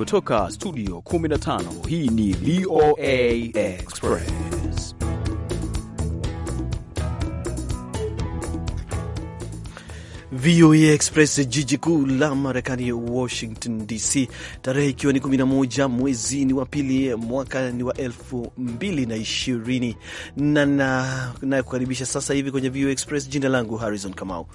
Kutoka studio 15 hii ni VOA Express. VOA Express, jiji kuu la Marekani, Washington DC, tarehe ikiwa ni 11 mwezi ni wa pili mwaka ni wa 2020 na nakukaribisha sasa hivi kwenye VOA Express. Jina langu Harrison Kamau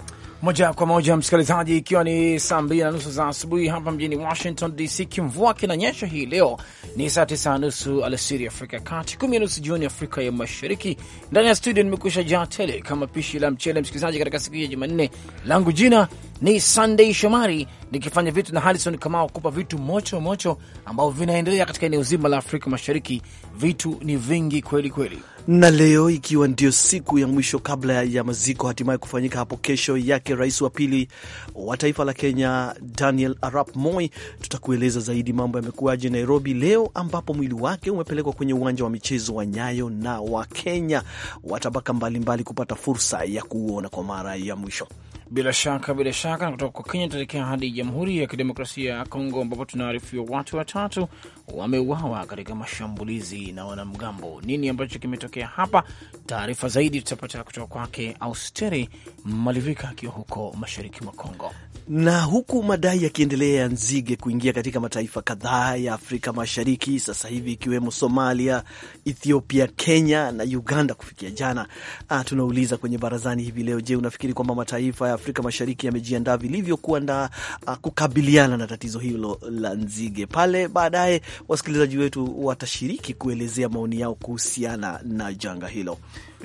moja kwa moja msikilizaji, ikiwa ni saa mbili na nusu za asubuhi hapa mjini Washington DC, kimvua kinanyesha. Hii leo ni saa tisa na nusu alasiri Afrika ya Kati, kumi na nusu jioni Afrika ya Mashariki. Ndani ya studio nimekusha jaa tele kama pishi la mchele, msikilizaji, katika siku hii ya Jumanne. Langu jina ni Sunday Shomari nikifanya vitu na Harrison Kamau kupa vitu mocho mocho ambavyo vinaendelea katika eneo zima la Afrika Mashariki. Vitu ni vingi kweli kweli, na leo ikiwa ndio siku ya mwisho kabla ya maziko hatimaye kufanyika hapo kesho yake, rais wa pili wa taifa la Kenya Daniel Arap Moi, tutakueleza zaidi mambo yamekuwaje Nairobi leo, ambapo mwili wake umepelekwa kwenye uwanja wa michezo wa Nyayo na Wakenya wa tabaka mbalimbali kupata fursa ya kuuona kwa mara ya mwisho. Bila shaka, bila shaka. Na kutoka kwa Kenya tuelekea hadi Jamhuri ya Kidemokrasia ya Kongo, ambapo tunaarifiwa watu watatu wameuawa katika mashambulizi na wanamgambo. Nini ambacho kimetokea hapa? Taarifa zaidi tutapata kutoka kwake Austeri Malivika akiwa huko mashariki mwa Kongo. Na huku madai yakiendelea ya nzige kuingia katika mataifa kadhaa ya Afrika Mashariki sasa hivi ikiwemo Somalia, Ethiopia, Kenya na Uganda kufikia jana, ah, tunauliza kwenye barazani hivi leo, je, unafikiri kwamba mataifa ya Afrika Mashariki yamejiandaa vilivyo kuandaa ah, kukabiliana na tatizo hilo la nzige? Pale baadaye wasikilizaji wetu watashiriki kuelezea maoni yao kuhusiana na janga hilo.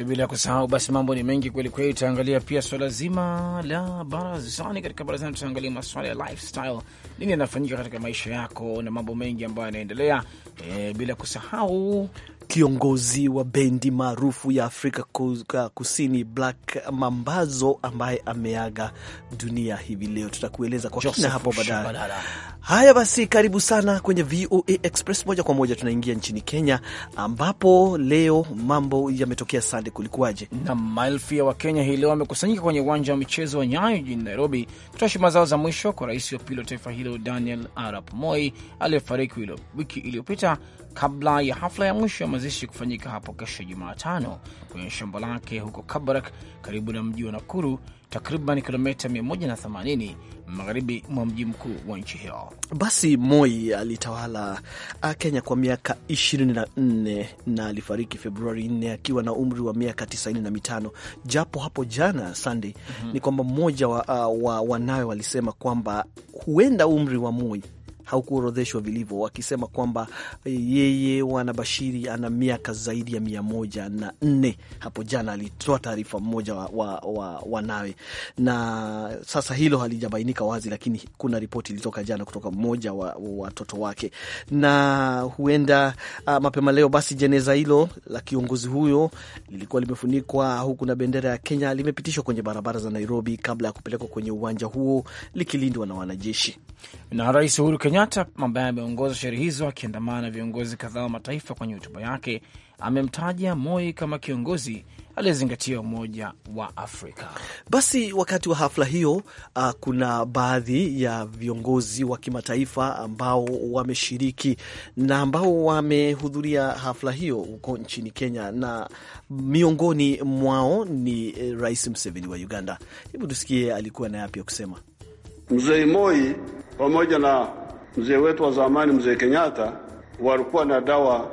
Bila kusahau basi, mambo ni mengi kweli kweli. Tutaangalia pia swala zima la barazani. Katika barazani, tutaangalia maswala ya lifestyle, nini yanafanyika katika maisha yako na mambo mengi ambayo yanaendelea, e, bila kusahau kiongozi wa bendi maarufu ya Afrika Kusini Black Mambazo ambaye ameaga dunia hivi leo. Tutakueleza kwa kina hapo baadaye. Haya basi, karibu sana kwenye VOA Express. Moja kwa moja tunaingia nchini Kenya, ambapo leo mambo yametokea. Sande, kulikuwaje? Na maelfu ya Wakenya hii leo wamekusanyika kwenye uwanja wa michezo wa Nyayo jijini Nairobi kutoa heshima zao za mwisho kwa rais wa pili wa taifa hilo Daniel Arap Moi aliyefariki wiki iliyopita, kabla ya hafla ya mwisho ya mazishi kufanyika hapo kesho Jumatano kwenye shamba lake huko Kabarak karibu na mji wa Nakuru takriban kilomita 180 magharibi mwa mji mkuu wa nchi hiyo. Basi Moi alitawala ah, Kenya kwa miaka 24 na alifariki Februari 4 akiwa na umri wa miaka 95, japo hapo jana Sunday mm -hmm. ni kwamba mmoja wa, ah, wa, wanawe walisema kwamba huenda umri wa Moi haukuorodheshwa vilivyo, wakisema kwamba eh, yeye wanabashiri ana miaka zaidi ya mia moja na nne. Hapo jana alitoa taarifa mmoja wa, wa, wa, na sasa hilo halijabainika wazi, lakini kuna ripoti ilitoka jana kutoka mmoja wa watoto wake, na huenda a, ah, mapema leo basi jeneza hilo la kiongozi huyo lilikuwa limefunikwa huku na bendera ya Kenya, limepitishwa kwenye barabara za Nairobi kabla ya kupelekwa kwenye uwanja huo likilindwa na wanajeshi na Rais Uhuru Kenyatta Kenyatta ambaye ameongoza sherehe hizo akiandamana na viongozi kadhaa wa mataifa kwenye hotuba yake amemtaja Moi kama kiongozi aliyezingatia umoja wa Afrika. Basi wakati wa hafla hiyo, uh, kuna baadhi ya viongozi wa kimataifa ambao wameshiriki na ambao wamehudhuria hafla hiyo huko nchini Kenya, na miongoni mwao ni eh, Rais Museveni wa Uganda. Hebu tusikie alikuwa na yapi ya kusema. Mzee Moi pamoja na mzee wetu wa zamani mzee Kenyatta walikuwa na dawa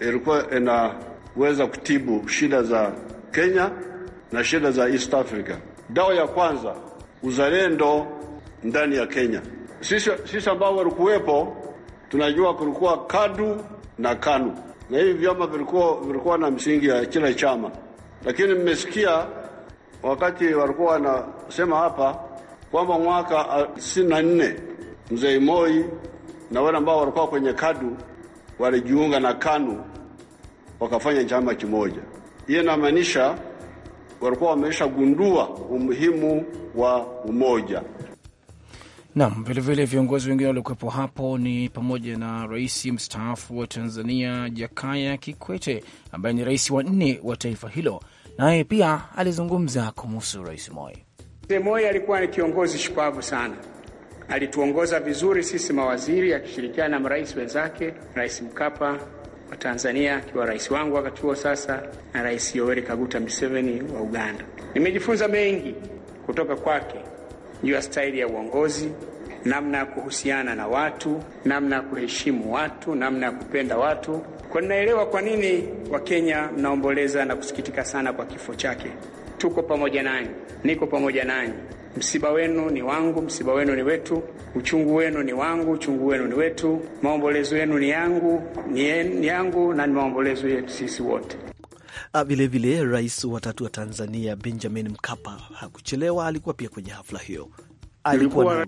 ilikuwa inaweza kutibu shida za Kenya na shida za East Africa. Dawa ya kwanza uzalendo ndani ya Kenya. Sisi, sisi ambao walikuwepo tunajua kulikuwa KADU na KANU na hivi vyama vilikuwa, vilikuwa na msingi ya kila chama, lakini mmesikia wakati walikuwa wanasema hapa kwamba mwaka 64 mzee Moi na wale ambao walikuwa kwenye KADU walijiunga na KANU wakafanya chama kimoja. Hiyo inamaanisha walikuwa wameshagundua umuhimu wa umoja. Naam, vilevile viongozi wengine waliokuwepo hapo ni pamoja na rais mstaafu wa Tanzania Jakaya Kikwete ambaye ni rais wa nne wa taifa hilo, naye pia alizungumza kumhusu Rais Moi. Moi alikuwa ni kiongozi shupavu sana Alituongoza vizuri sisi mawaziri akishirikiana na marais wenzake, Rais Mkapa wa Tanzania akiwa rais wangu wakati huo sasa, na Rais Yoweri Kaguta Museveni wa Uganda. Nimejifunza mengi kutoka kwake juu ya staili ya uongozi, namna ya kuhusiana na watu, namna ya kuheshimu watu, namna ya kupenda watu. Kwa ninaelewa kwa nini Wakenya mnaomboleza na kusikitika sana kwa kifo chake. Tuko pamoja nanyi, niko pamoja nanyi. Msiba wenu ni wangu, msiba wenu ni wetu. Uchungu wenu ni wangu, uchungu wenu ni wetu. Maombolezo yenu ni yangu, ni, yangu na ni maombolezo yetu sisi wote. Vilevile, ah, rais wa tatu wa Tanzania Benjamin Mkapa hakuchelewa, alikuwa pia kwenye hafla hiyo, alikuwa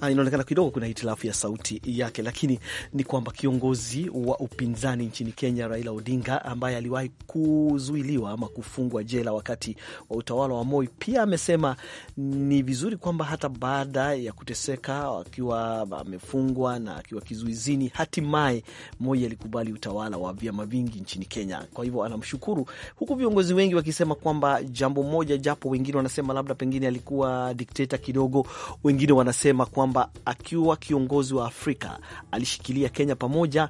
Ah, inaonekana kidogo kuna hitilafu ya sauti yake, lakini ni kwamba kiongozi wa upinzani nchini Kenya Raila Odinga ambaye aliwahi kuzuiliwa ama kufungwa jela wakati wa utawala wa Moi, pia amesema ni vizuri kwamba hata baada ya kuteseka akiwa amefungwa na akiwa kizuizini, hatimaye Moi alikubali utawala wa vyama vingi nchini Kenya. Kwa hivyo anamshukuru, huku viongozi wengi wakisema kwamba jambo moja, japo wengine wanasema labda pengine alikuwa dikteta kidogo, wengine wanasema kwamba kwamba akiwa kiongozi wa Afrika alishikilia Kenya pamoja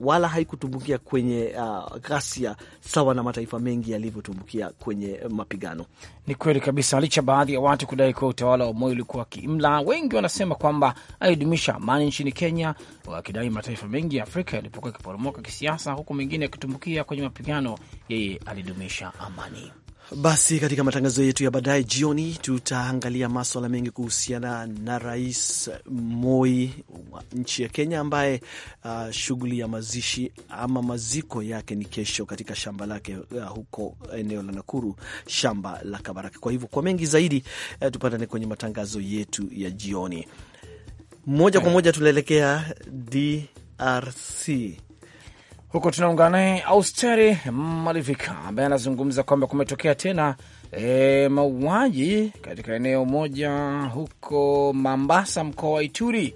wala haikutumbukia kwenye uh, ghasia sawa na mataifa mengi yalivyotumbukia kwenye mapigano. Ni kweli kabisa. Licha baadhi ya watu kudai kuwa utawala wa Moi ulikuwa kiimla, wengi wanasema kwamba alidumisha amani nchini Kenya, wakidai mataifa mengi ya Afrika yalipokuwa yakiporomoka kisiasa, huku mengine yakitumbukia kwenye mapigano, yeye alidumisha amani. Basi katika matangazo yetu ya baadaye jioni tutaangalia maswala mengi kuhusiana na Rais Moi wa nchi ya Kenya ambaye uh, shughuli ya mazishi ama maziko yake ni kesho katika shamba lake uh, huko eneo la Nakuru, shamba la Kabaraka. Kwa hivyo kwa mengi zaidi uh, tupatane kwenye matangazo yetu ya jioni. Moja kwa moja tunaelekea DRC huko tunaungana naye Austeri Malivika ambaye anazungumza kwamba kumetokea tena e, mauaji katika eneo moja huko Mambasa, mkoa wa Ituri.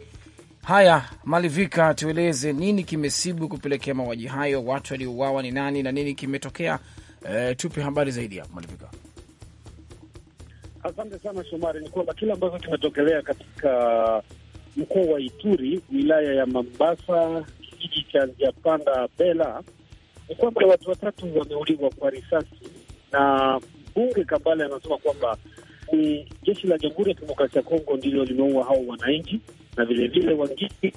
Haya, Malivika, tueleze nini kimesibu kupelekea mauaji hayo, watu waliouawa ni nani na nini kimetokea? E, tupe habari zaidi hapo Malivika. Asante sana Shomari. Ni kwamba kile ambacho kimetokelea katika mkoa wa Ituri, wilaya ya Mambasa kijiji cha Ziapanda Bela ni kwamba watu watatu wameuliwa kwa risasi, na mbunge Kambale anasema kwamba ni jeshi la Jamhuri ya Kidemokrasia ya Kongo ndilo limeua hao wananchi na vilevile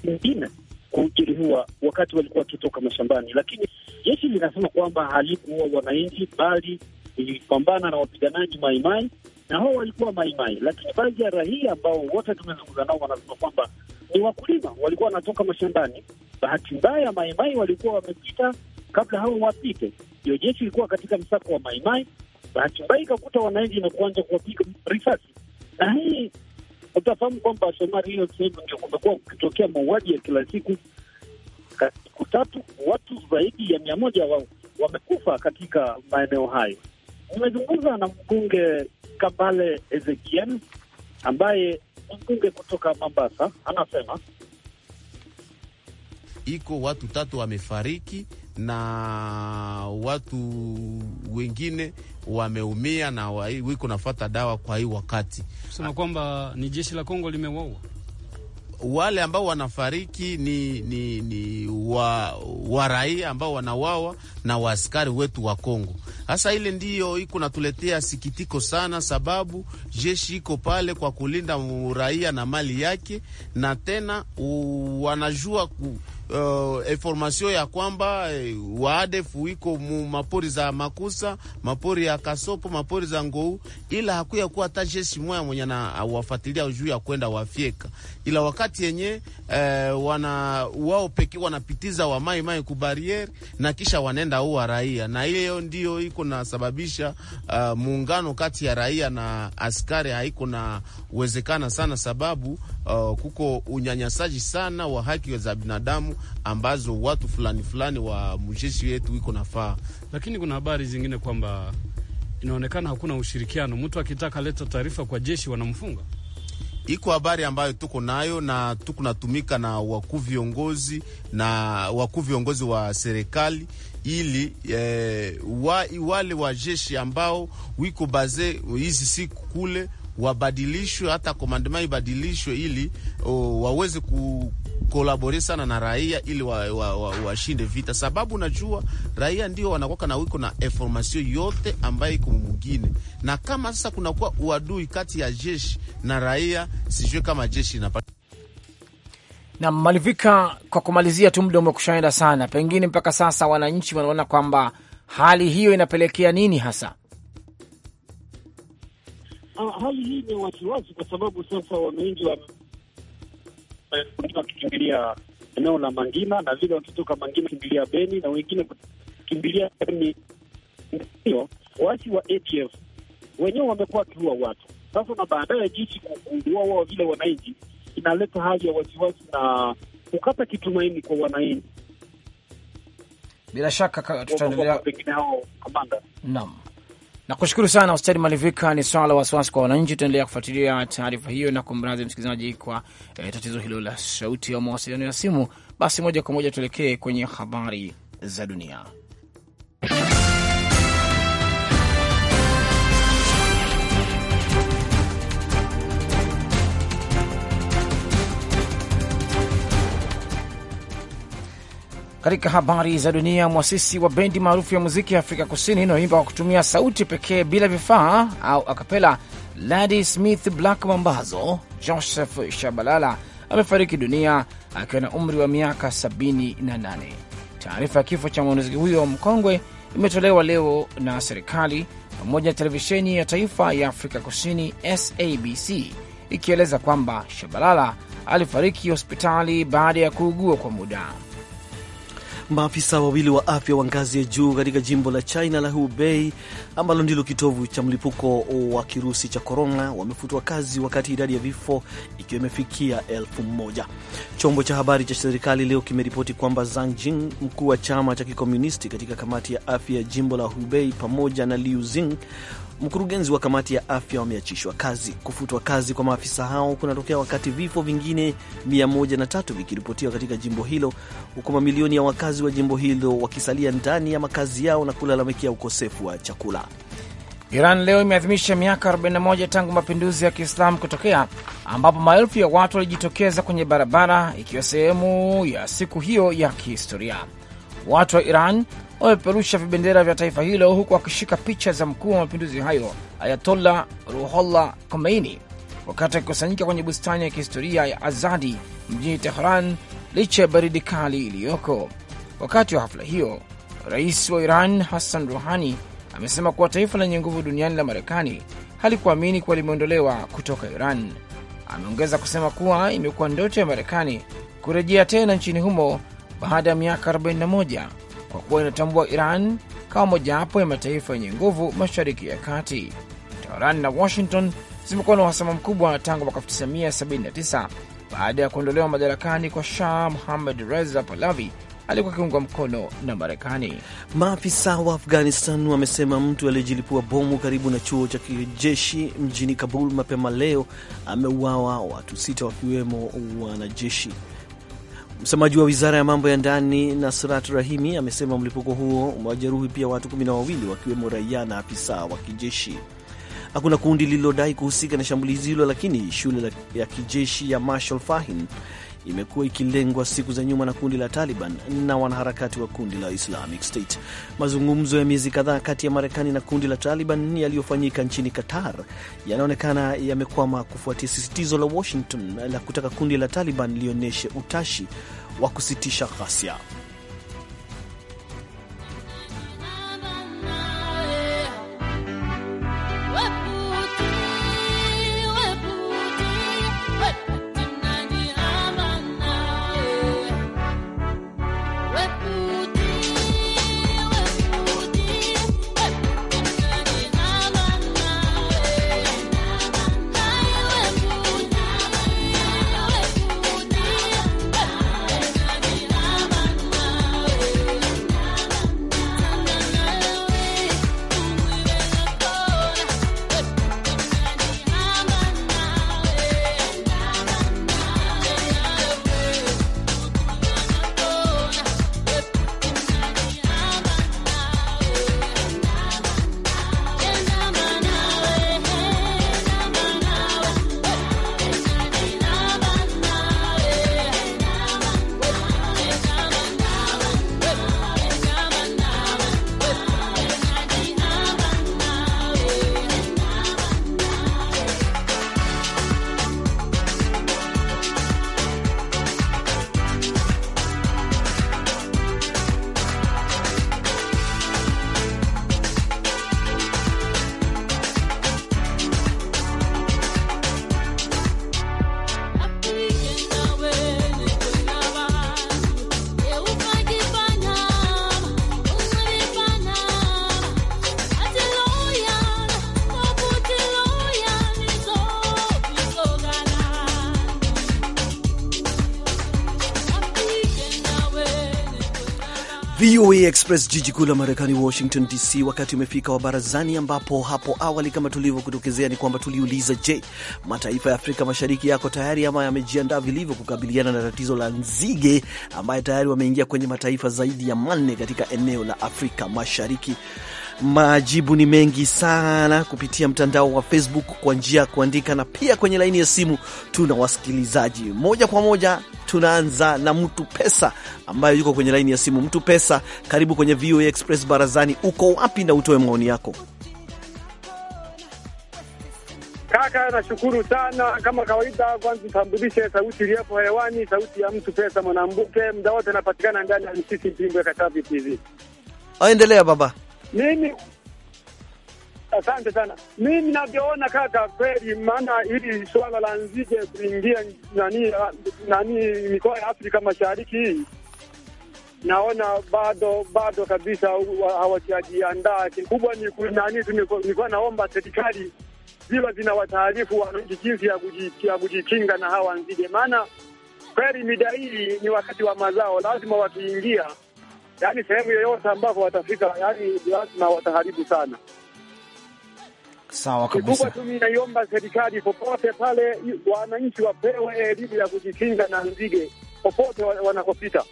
wengine kujeruhiwa wakati walikuwa wakitoka mashambani, lakini jeshi linasema kwamba halikuua wananchi bali ilipambana na wapiganaji maimai na hao walikuwa maimai, lakini baadhi ya raia ambao wote tumezungumza nao wanasema kwamba ni wakulima walikuwa wanatoka mashambani Bahati mbaya Maimai walikuwa wamepita kabla hao wapite, ndio jeshi ilikuwa katika msako wa Maimai. Bahati mbaya ikakuta wananchi na kuanza kuwapiga risasi, na hii utafahamu kwamba Somali hiyo sehemu ndio kumekuwa kukitokea mauaji ya kila siku. Siku tatu watu zaidi ya mia moja wa, wamekufa katika maeneo hayo. Nimezungumza na mbunge Kambale Ezekiel ambaye mbunge kutoka Mombasa, anasema iko watu tatu wamefariki na watu wengine wameumia na wiko nafata dawa kwa hii wakati. sema kwamba ni jeshi la Kongo limewaua wale ambao wanafariki ni, ni, ni wa, wa raia ambao wanawawa na waaskari wetu wa Kongo. Hasa ile ndiyo iko natuletea sikitiko sana, sababu jeshi iko pale kwa kulinda raia na mali yake, na tena wanajua ku, uh, informasio ya kwamba uh, eh, waadefu iko mu mapori za Makusa, mapori ya kasopo mapori za Ngou, ila hakuya kuwa hata jeshi moya mwenye na wafatilia juu ya kwenda wafyeka, ila wakati yenye uh, wana wao pekee wanapitiza wa mai mai ku barriere na kisha wanaenda uwa raia, na hiyo ndio iko nasababisha uh, muungano kati ya raia na askari haiko na uwezekana sana sababu uh, kuko unyanyasaji sana wa haki za binadamu ambazo watu fulani fulani wa mjeshi wetu iko nafaa, lakini kuna habari zingine kwamba inaonekana hakuna ushirikiano. Mtu akitaka leta taarifa kwa jeshi wanamfunga. Iko habari ambayo tuko nayo na tuko natumika na wakuu viongozi na wakuu viongozi wa serikali ili eh, wa, wale wajeshi ambao wiko baze hizi siku kule wabadilishwe, hata komandema ibadilishwe ili waweze ku kolabore sana na raia ili washinde wa, wa, wa vita, sababu najua raia ndio wanakwaka na wiko na informasio yote ambayo iko mwingine. Na kama sasa kunakuwa uadui kati ya jeshi na raia, sijue kama jeshi inapata na malivika. Kwa kumalizia tu, muda umekushaenda sana, pengine mpaka sasa wananchi wanaona kwamba hali hiyo inapelekea nini hasa hali hii ni wasiwasi, kwa sababu sasa wananchi wakikimbilia eneo la Mangina na vile wakitoka Mangina kimbilia Beni na wengine kimbilia Beni. Hiyo waasi wa ADF wenyewe wamekuwa wakiua watu sasa, na baadaye jeshi kuua wao vile wananchi, inaleta hali ya wasiwasi na kukata kitumaini kwa wananchi. Bila shaka tutaendelea. Naam. Nakushukuru sana Hospitali Malivika. Ni swala la wasiwasi kwa wananchi, tutaendelea kufuatilia taarifa hiyo, na kumradhi msikilizaji kwa eh, tatizo hilo la sauti ya mawasiliano ya simu. Basi moja kwa moja tuelekee kwenye habari za dunia. Katika habari za dunia, mwasisi wa bendi maarufu ya muziki ya Afrika Kusini inayoimba kwa kutumia sauti pekee bila vifaa au akapela, ladi Smith Black Mambazo, Joseph Shabalala amefariki dunia akiwa na umri wa miaka 78. Taarifa ya kifo cha mwanamuziki huyo mkongwe imetolewa leo na serikali pamoja na televisheni ya taifa ya Afrika Kusini SABC ikieleza kwamba Shabalala alifariki hospitali baada ya kuugua kwa muda. Maafisa wawili wa afya wa ngazi ya juu katika jimbo la China la Hubei ambalo ndilo kitovu cha mlipuko wa kirusi cha korona wamefutwa kazi wakati idadi ya vifo ikiwa imefikia elfu moja. Chombo cha habari cha serikali leo kimeripoti kwamba Zhang Jing, mkuu wa chama cha kikomunisti katika kamati ya afya ya jimbo la Hubei, pamoja na Liu Zing Mkurugenzi wa kamati ya afya wameachishwa kazi. Kufutwa kazi kwa maafisa hao kunatokea wakati vifo vingine 103 vikiripotiwa katika jimbo hilo, huku mamilioni ya wakazi wa jimbo hilo wakisalia ndani ya makazi yao na kulalamikia ukosefu wa chakula. Iran leo imeadhimisha miaka 41 tangu mapinduzi ya Kiislamu kutokea ambapo maelfu ya watu walijitokeza kwenye barabara ikiwa sehemu ya siku hiyo ya kihistoria watu wa Iran wamepeperusha vibendera vya taifa hilo huku wakishika picha za mkuu wa mapinduzi hayo Ayatollah Ruhollah Khomeini wakati wakikusanyika kwenye bustani ya kihistoria ya Azadi mjini Tehran licha ya baridi kali iliyoko. Wakati wa hafla hiyo, rais wa Iran Hassan Rouhani amesema kuwa taifa lenye nguvu duniani la Marekani halikuamini kuwa limeondolewa kutoka Iran. Ameongeza kusema kuwa imekuwa ndoto ya Marekani kurejea tena nchini humo baada ya miaka 41 kwa kuwa inatambua Iran kama mojawapo ya mataifa yenye nguvu mashariki ya kati. Tehran na Washington zimekuwa na uhasama mkubwa tangu mwaka 1979 baada ya kuondolewa madarakani kwa Shah Muhammad Reza Pahlavi alikuwa akiungwa mkono na Marekani. Maafisa wa Afghanistan wamesema mtu aliyejilipua bomu karibu na chuo cha kijeshi mjini Kabul mapema leo ameuawa, watu sita wakiwemo wanajeshi. Msemaji wa wizara ya mambo ya ndani Nasrat Rahimi amesema mlipuko huo umewajeruhi pia watu kumi na wawili wakiwemo raia na afisa wa kijeshi. Hakuna kundi lililodai kuhusika na shambulizi hilo, lakini shule ya kijeshi ya Marshal Fahin imekuwa ikilengwa siku za nyuma na kundi la Taliban na wanaharakati wa kundi la Islamic State. Mazungumzo ya miezi kadhaa kati ya Marekani na kundi la Taliban yaliyofanyika nchini Qatar yanaonekana yamekwama kufuatia sisitizo la Washington la kutaka kundi la Taliban lionyeshe utashi wa kusitisha ghasia. VOA Express, jiji kuu la Marekani, Washington DC. Wakati umefika wa barazani, ambapo hapo awali kama tulivyokutokezea ni kwamba tuliuliza, je, mataifa ya Afrika Mashariki yako tayari ama yamejiandaa vilivyo kukabiliana na tatizo la nzige ambaye tayari wameingia kwenye mataifa zaidi ya manne katika eneo la Afrika Mashariki. Majibu ni mengi sana kupitia mtandao wa Facebook kwa njia ya kuandika, na pia kwenye laini ya simu tuna wasikilizaji moja kwa moja. Tunaanza na Mtu Pesa ambaye yuko kwenye laini ya simu. Mtu Pesa, karibu kwenye VOA Express barazani. Uko wapi na utoe maoni yako? Kaka, nashukuru sana kama kawaida. Kwanza utambulishe sauti iliyopo hewani, sauti ya Mtu Pesa Mwanambuke, muda wote anapatikana ndani ya Msisi ya Katavi TV. Aendelea baba mimi Asante sana. Mimi ninavyoona kaka, kweli maana hili swala la nzige kuingia nani nani mikoa ya Afrika Mashariki hii naona bado bado kabisa hawajajiandaa. Kikubwa ni nani, nilikuwa naomba serikali ziwa zina wataarifu wananchi jinsi ya kujikinga na hawa nzige, maana kweli mida hii ni wakati wa mazao, lazima wakiingia yani sehemu yoyote ambapo watafika, yani lazima wataharibu sana. Sawa kabisa. Kikubwa tu ninaiomba serikali popote pale, wananchi wapewe elimu ya kujikinga na nzige popote wanakopita.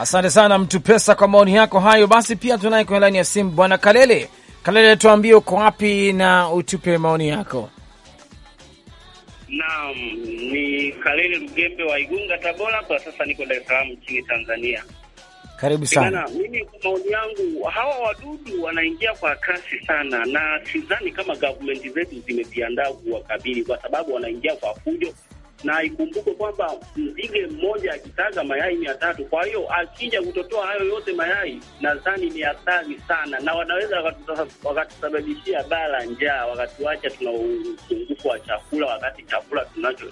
Asante sana mtu pesa kwa maoni yako hayo. Basi pia tunaye kwenye laini ya simu bwana Kalele. Kalele, tuambie uko wapi na utupe maoni yako. Naam, ni Kalele rugembe wa Igunga, Tabora. Kwa sasa niko Dar es Salaam nchini Tanzania. Karibu sana. Mimi kwa maoni yangu, hawa wadudu wanaingia kwa kasi sana, na sidhani kama gavumenti zetu zimejiandaa kuwakabili, kwa sababu wanaingia kwa fujo, na ikumbuke kwamba nzige mmoja akitaga mayai mia tatu. Kwa hiyo akija kutotoa hayo yote mayai, nadhani ni hatari sana, na wanaweza wakatusababishia baa la njaa, wakatuacha tuna upungufu wa chakula, wakati chakula tunacho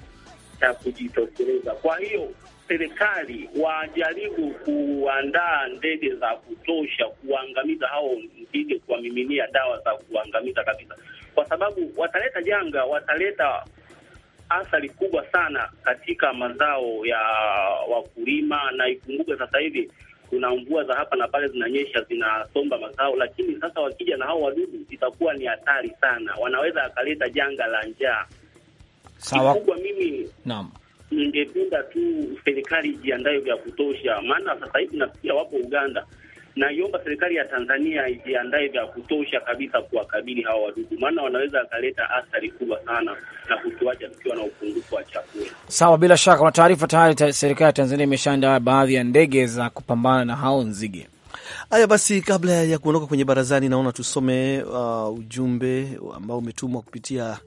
cha kujitosheleza. Kwa hiyo serikali wajaribu kuandaa ndege za kutosha kuangamiza hao nzige, kuwamiminia dawa za kuangamiza kabisa, kwa sababu wataleta janga, wataleta athari kubwa sana katika mazao ya wakulima. Na ikumbuke sasa hivi kuna mvua za hapa na pale zinanyesha, zinasomba mazao, lakini sasa wakija na hao wadudu itakuwa ni hatari sana, wanaweza akaleta janga la njaa. Sawa, kikubwa mimi naam ningependa tu serikali ijiandaye vya kutosha, maana sasa hivi nasikia wapo Uganda. Naiomba serikali ya Tanzania ijiandae vya kutosha kabisa kuwakabili hawa wadudu, maana wanaweza wakaleta athari kubwa sana na kutuacha tukiwa na upungufu wa chakula. Sawa, bila shaka na taarifa tayari serikali ya Tanzania imeshaandaa baadhi ya ndege za kupambana na hao nzige. Haya basi, kabla ya kuondoka kwenye barazani, naona tusome uh, ujumbe ambao umetumwa kupitia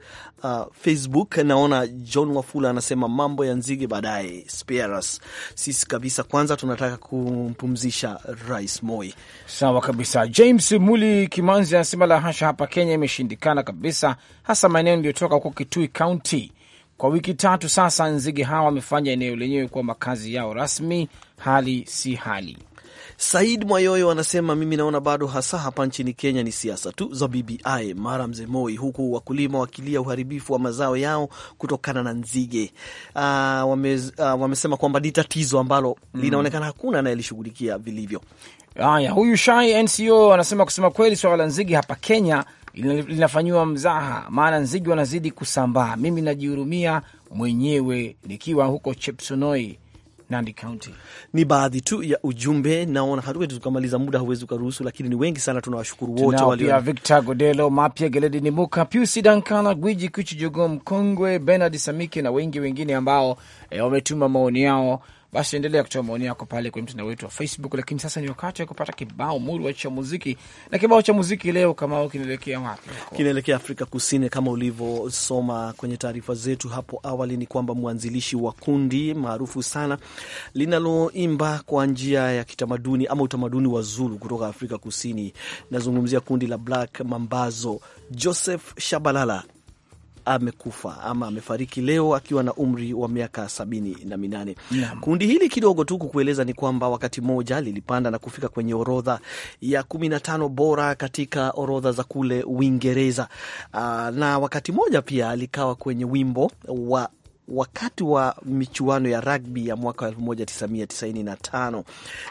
uh, Facebook. Naona John Wafula anasema mambo ya nzige baadaye, sparas sisi kabisa, kwanza tunataka kumpumzisha Rais Moi. Sawa kabisa. James Muli Kimanzi anasema la hasha, hapa Kenya imeshindikana kabisa, hasa maeneo niliyotoka huko Kitui County. Kwa wiki tatu sasa, nzige hawa wamefanya eneo lenyewe kuwa makazi yao rasmi. Hali si hali. Said Mwayoyo anasema mimi naona bado hasa hapa nchini Kenya ni siasa tu za BBI mara mzee Moi, huku wakulima wakilia uharibifu wa mazao yao kutokana na nzige. Uh, wame, uh, wamesema kwamba ni tatizo ambalo mm, linaonekana hakuna anayelishughulikia vilivyo. Haya, huyu Shai NCO anasema kusema kweli, swala la nzige hapa Kenya linafanyiwa mzaha, maana nzige wanazidi kusambaa. Mimi najihurumia mwenyewe nikiwa huko Chepsonoi Nandi County. Ni baadhi tu ya ujumbe, naona hatuwezi tukamaliza muda, huwezi ukaruhusu, lakini ni wengi sana. Tunawashukuru wote walio Victor Godelo, Mapya Geledi, Nimuka Pius, Dankana Gwiji, Kichu Jogo Mkongwe, Bernard Samike na wengi wengine ambao e, wametuma maoni yao basi endelea kutoa maoni yako pale kwenye mtandao wetu wa Facebook. Lakini sasa ni wakati wa kupata kibao murwa cha muziki, na kibao cha muziki leo kama kinaelekea wapi? Kinaelekea Afrika Kusini. Kama ulivyosoma kwenye taarifa zetu hapo awali, ni kwamba mwanzilishi wa kundi maarufu sana linaloimba kwa njia ya kitamaduni ama utamaduni wa Zulu kutoka Afrika Kusini, nazungumzia kundi la Black Mambazo, Joseph Shabalala amekufa ama amefariki leo akiwa na umri wa miaka sabini na minane. Yeah. Kundi hili kidogo tu kukueleza ni kwamba wakati mmoja lilipanda na kufika kwenye orodha ya kumi na tano bora katika orodha za kule Uingereza, ah, na wakati mmoja pia likawa kwenye wimbo wa wakati wa michuano ya rugby ya mwaka 1995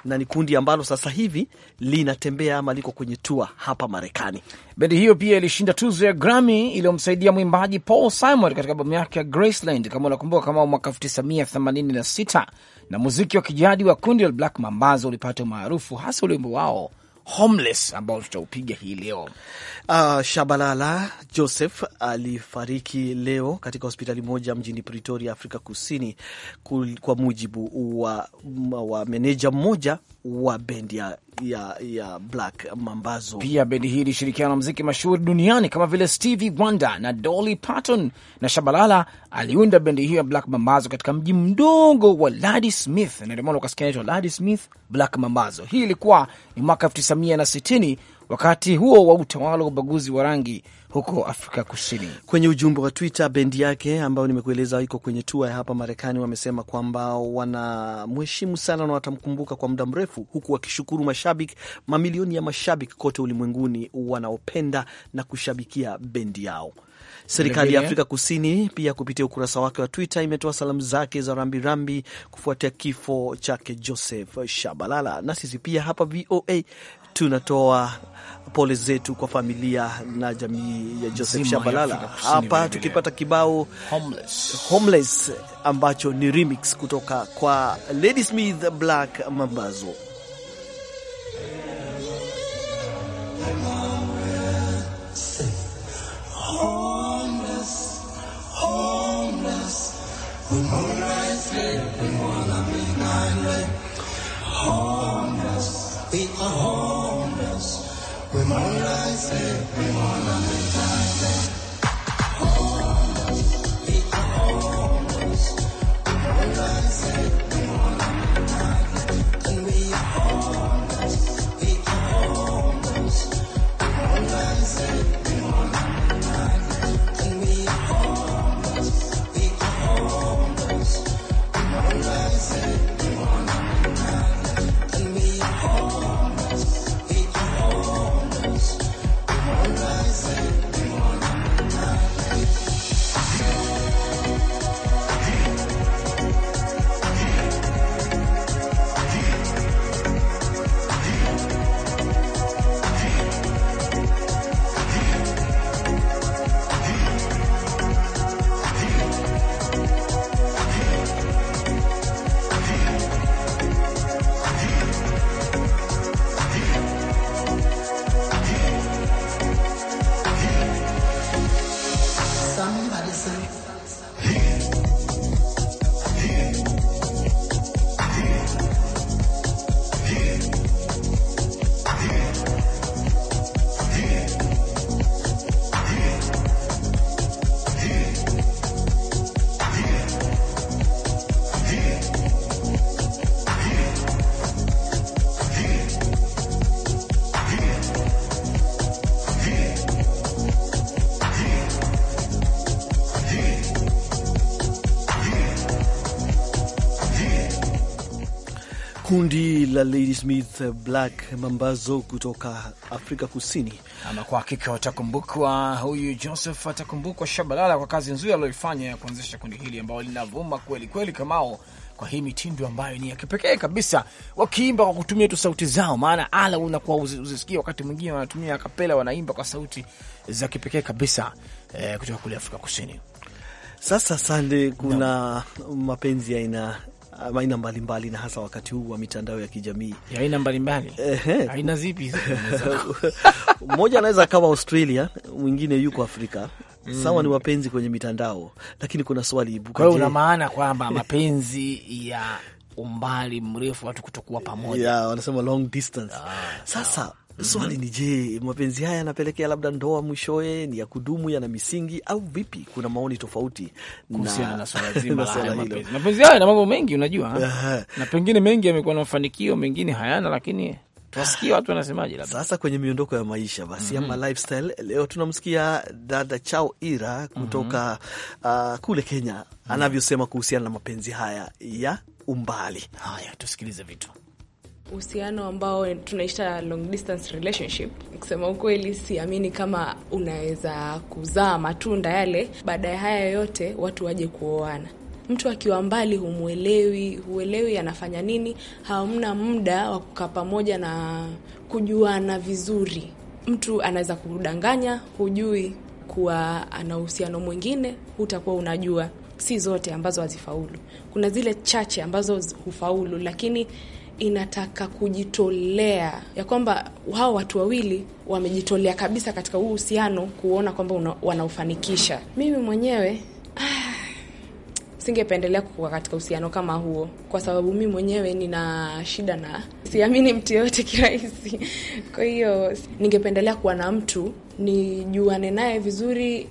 na ni kundi ambalo sasa hivi linatembea ama liko kwenye tua hapa Marekani. Bendi hiyo pia ilishinda tuzo ya Grammy iliyomsaidia mwimbaji Paul Simon katika albamu yake ya Graceland, kama unakumbuka, kama mwaka 1986 na muziki wa kijadi wa kundi la Black Mambazo ulipata umaarufu hasa ule wimbo wao homeless ambao tutaupiga hii leo. Uh, Shabalala Joseph alifariki leo katika hospitali moja mjini Pretoria, Afrika Kusini, kwa mujibu wa, wa meneja mmoja wa bendi ya, ya, ya Black Mambazo. Pia bendi hii ilishirikiana na muziki mashuhuri duniani kama vile Stevie Wonder na Dolly Parton, na Shabalala aliunda bendi hiyo ya Black Mambazo katika mji mdogo wa Ladysmith, na ndio maana ukasikia naitwa Ladysmith Black Mambazo. Hii ilikuwa ni mwaka 1960 wakati huo wa utawala wa ubaguzi wa rangi huko Afrika Kusini. Kwenye ujumbe wa Twitter, bendi yake ambayo nimekueleza iko kwenye tua ya hapa Marekani wamesema kwamba wanamheshimu sana na watamkumbuka kwa muda mrefu, huku wakishukuru mashabiki, mamilioni ya mashabiki kote ulimwenguni wanaopenda na kushabikia bendi yao. Serikali ya Afrika Kusini pia kupitia ukurasa wake wa Twitter imetoa salamu zake za rambirambi kufuatia kifo chake Joseph Shabalala. Na sisi pia hapa VOA tunatoa pole zetu kwa familia na jamii ya Joseph Shabalala. Hapa tukipata kibao Homeless. Homeless ambacho ni remix kutoka kwa lady smith Black Mambazo. Homeless, homeless, homeless. We want kundi la Ladysmith Black Mambazo kutoka Afrika Kusini. Ama kwa hakika watakumbukwa, huyu Joseph atakumbukwa Shabalala kwa kazi nzuri aliyoifanya ya kuanzisha kundi hili ambao linavuma kweli kweli kamao kwa hii mitindo ambayo ni ya kipekee kabisa, wakiimba kwa kutumia tu sauti zao, maana ala unakuwa uzisikia wakati mwingine wanatumia akapela, wanaimba kwa sauti za kipekee kabisa eh, kutoka kule Afrika Kusini. Sasa sande, kuna no. mapenzi aina aina mbalimbali na hasa wakati huu wa mitandao ya kijamii ya aina mbalimbali. Aina zipi? Mmoja anaweza akawa Australia, mwingine yuko Afrika. Mm. Sawa, ni wapenzi kwenye mitandao, lakini kuna swali ibuka. Kwa hiyo una maana kwamba mapenzi ya umbali mrefu, watu kutokuwa pamoja, yeah, wanasema long distance. Ah, sasa no. Mm-hmm. Swali ni je, mapenzi haya yanapelekea labda ndoa mwishowe ni ya kudumu, yana misingi au vipi? Kuna maoni tofauti kuhusiana na swala zima la mapenzi. Mapenzi haya na mambo mengi, unajua, na pengine mengi yamekuwa na mafanikio, mengine hayana, lakini tunasikia watu wanasemaje labda sasa kwenye miondoko ya maisha basi, mm -hmm. ama mm-hmm. lifestyle. Leo tunamsikia dada Chao Ira kutoka mm -hmm. uh, kule Kenya mm-hmm. anavyosema kuhusiana na mapenzi haya ya umbali. Haya, tusikilize vitu uhusiano ambao tunaita long distance relationship. Kusema ukweli, siamini kama unaweza kuzaa matunda yale baada ya haya yote watu waje kuoana. Mtu akiwa mbali humwelewi, huelewi anafanya nini, hamna muda wa kukaa pamoja na kujuana vizuri. Mtu anaweza kudanganya, hujui kuwa ana uhusiano mwingine, hutakuwa unajua. Si zote ambazo hazifaulu, kuna zile chache ambazo hufaulu, lakini inataka kujitolea, ya kwamba hao watu wawili wamejitolea kabisa katika huu uhusiano kuona kwamba wanaufanikisha. Mimi mwenyewe singependelea kukua katika uhusiano kama huo, kwa sababu mi mwenyewe nina shida na siamini mtu yoyote kirahisi. Kwa hiyo ningependelea kuwa na mtu nijuane naye vizuri.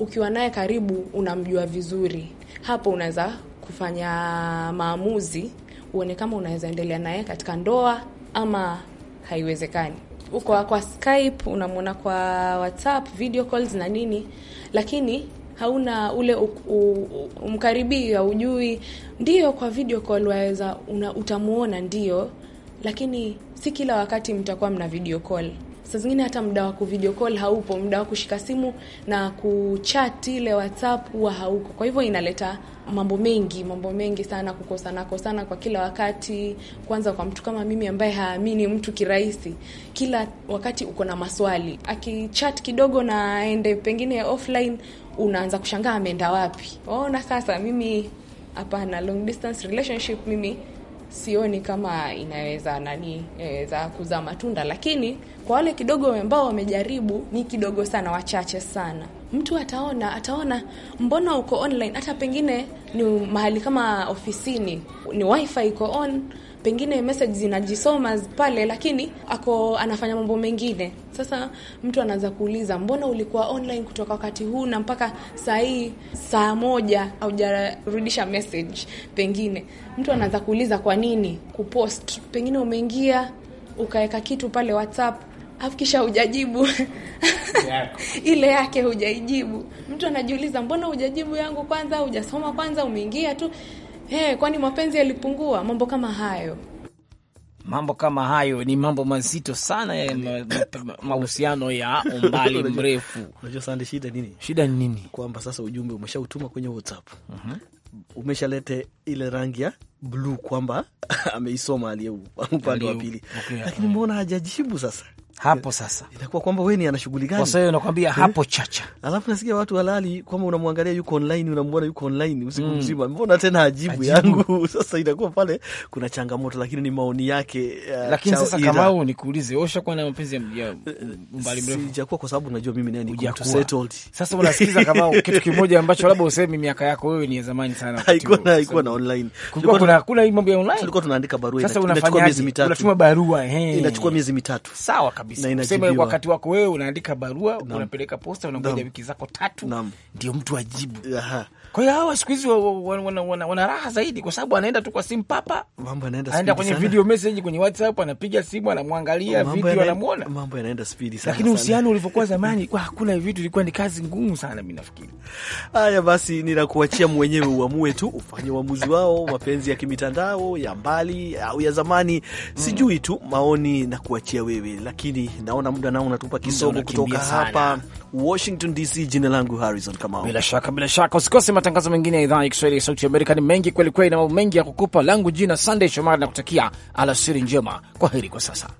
Ukiwa naye karibu, unamjua vizuri, hapo unaweza kufanya maamuzi uone kama unaweza endelea naye katika ndoa ama haiwezekani. Uko kwa Skype, unamwona kwa WhatsApp, video calls na nini, lakini hauna ule u, umkaribii, haujui. Ndio, kwa video call waweza utamuona, ndio, lakini si kila wakati mtakuwa mna video call. Saa zingine hata muda wa kuvideo call haupo, muda wa kushika simu na kuchat ile WhatsApp huwa hauko, kwa hivyo inaleta mambo mengi, mambo mengi sana, kukosana kosana kwa kila wakati. Kwanza kwa mtu kama mimi ambaye haamini mtu kirahisi, kila wakati uko na maswali. Akichat kidogo na aende pengine offline, unaanza kushangaa ameenda wapi. Ona sasa, mimi hapana, long distance relationship mimi sioni kama inaweza nani inaweza kuzaa matunda, lakini kwa wale kidogo ambao wamejaribu, ni kidogo sana, wachache sana. Mtu ataona ataona, mbona uko online? Hata pengine ni mahali kama ofisini, ni wifi iko on pengine message zinajisoma pale, lakini ako anafanya mambo mengine. Sasa mtu anaanza kuuliza, mbona ulikuwa online kutoka wakati huu na mpaka saa hii saa moja haujarudisha message? Pengine mtu anaanza kuuliza kwa nini kupost, pengine umeingia ukaweka kitu pale WhatsApp afu kisha hujajibu ile yake hujaijibu. Mtu anajiuliza mbona hujajibu yangu kwanza, hujasoma kwanza, umeingia tu Hey, kwani mapenzi yalipungua? Mambo kama hayo mambo kama hayo ni mambo mazito sana ya mahusiano ya umbali mrefu. Unajua sande, shida nini? Shida ni nini? Kwamba sasa ujumbe umeshautuma kwenye WhatsApp uh mhm. -huh. Umeshalete ile rangi ya bluu kwamba ameisoma aliye upande wa pili, lakini mbona hajajibu sasa hapo sasa itakuwa kwamba wewe ni ana shughuli gani? Sasa sababu nakwambia eh? hapo chacha. Alafu nasikia watu walali kwamba unamwangalia yuko online, unamwona yuko online usiku mm. mzima, mm. mbona tena ajibu yangu? Sasa itakuwa pale kuna changamoto, lakini ni maoni yake. uh, Lakini sasa kama wewe nikuulize, osha kwa na mapenzi ya eh, mbali mrefu, sijakuwa kwa sababu unajua mimi nani ni settled. Sasa unasikiza kama kitu kimoja ambacho labda useme miaka yako wewe ni ya zamani sana, haikuwa na haikuwa na online, kulikuwa kuna kuna mambo ya online, tulikuwa tunaandika barua, sasa unafanya miezi mitatu, unatuma barua, ehe, inachukua miezi mitatu, sawa kabisa. Sema wakati wako wewe unaandika barua, unapeleka posta, unangoja wiki zako tatu ndio mtu ajibu. Aha. Kwa hiyo hawa siku hizi wana raha zaidi, kwa sababu anaenda tu kwa simu papa, mambo yanaenda anaenda kwenye sana, video message kwenye WhatsApp, anapiga simu, anamwangalia video, anamuona, mambo yanaenda spidi sana. Lakini uhusiano ulivyokuwa zamani, kwa hakuna vitu, ilikuwa ni kazi ngumu sana, mimi nafikiri. Haya basi, ninakuachia mwenyewe uamue tu, ufanye uamuzi wao, mapenzi ya kimitandao ya mbali au ya zamani, sijui tu, maoni na kuachia wewe, lakini naona muda nao unatupa kisogo kutoka hapa sana. Washington DC. Jina langu Harrison Kamau. Bila shaka, bila shaka usikose matangazo mengine ya idhaa ya Kiswahili ya Sauti Amerika. Ni mengi kweli kweli na mambo mengi ya kukupa. Langu jina Sunday Shomari na kutakia alasiri njema. Kwa heri kwa sasa.